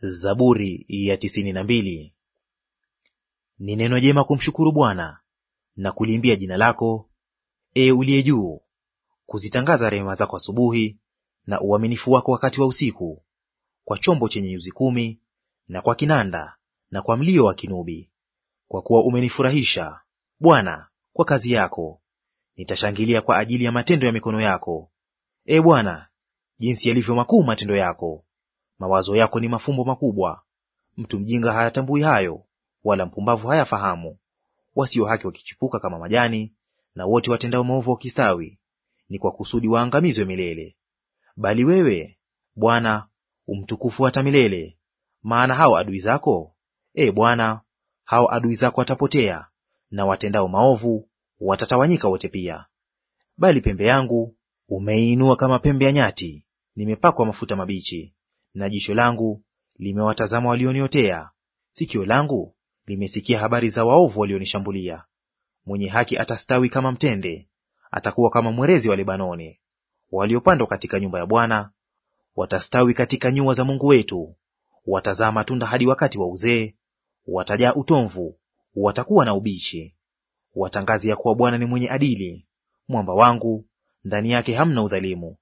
Zaburi ya tisini na mbili. Ni neno jema kumshukuru Bwana na kuliimbia jina lako, e uliye juu, kuzitangaza rehema zako asubuhi na uaminifu wako wakati wa usiku, kwa chombo chenye nyuzi kumi na kwa kinanda na kwa mlio wa kinubi. Kwa kuwa umenifurahisha Bwana kwa kazi yako, nitashangilia kwa ajili ya matendo ya mikono yako. E Bwana, jinsi yalivyo makuu matendo yako! Mawazo yako ni mafumbo makubwa. Mtu mjinga hayatambui hayo, wala mpumbavu hayafahamu. Wasio haki wakichipuka kama majani, na wote watendao maovu wakistawi; ni kwa kusudi waangamizwe milele. Bali wewe, Bwana, umtukufu hata milele. Maana hao adui zako, e Bwana, hao adui zako watapotea, na watendao maovu watatawanyika wote pia. Bali pembe yangu umeiinua kama pembe ya nyati, nimepakwa mafuta mabichi na jicho langu limewatazama walioniotea, sikio langu limesikia habari za waovu walionishambulia. Mwenye haki atastawi kama mtende, atakuwa kama mwerezi wa Lebanoni. Waliopandwa katika nyumba ya Bwana watastawi katika nyua za Mungu wetu. Watazaa matunda hadi wakati wa uzee, watajaa utomvu, watakuwa na ubichi. watangazi ya kuwa Bwana ni mwenye adili, mwamba wangu, ndani yake hamna udhalimu.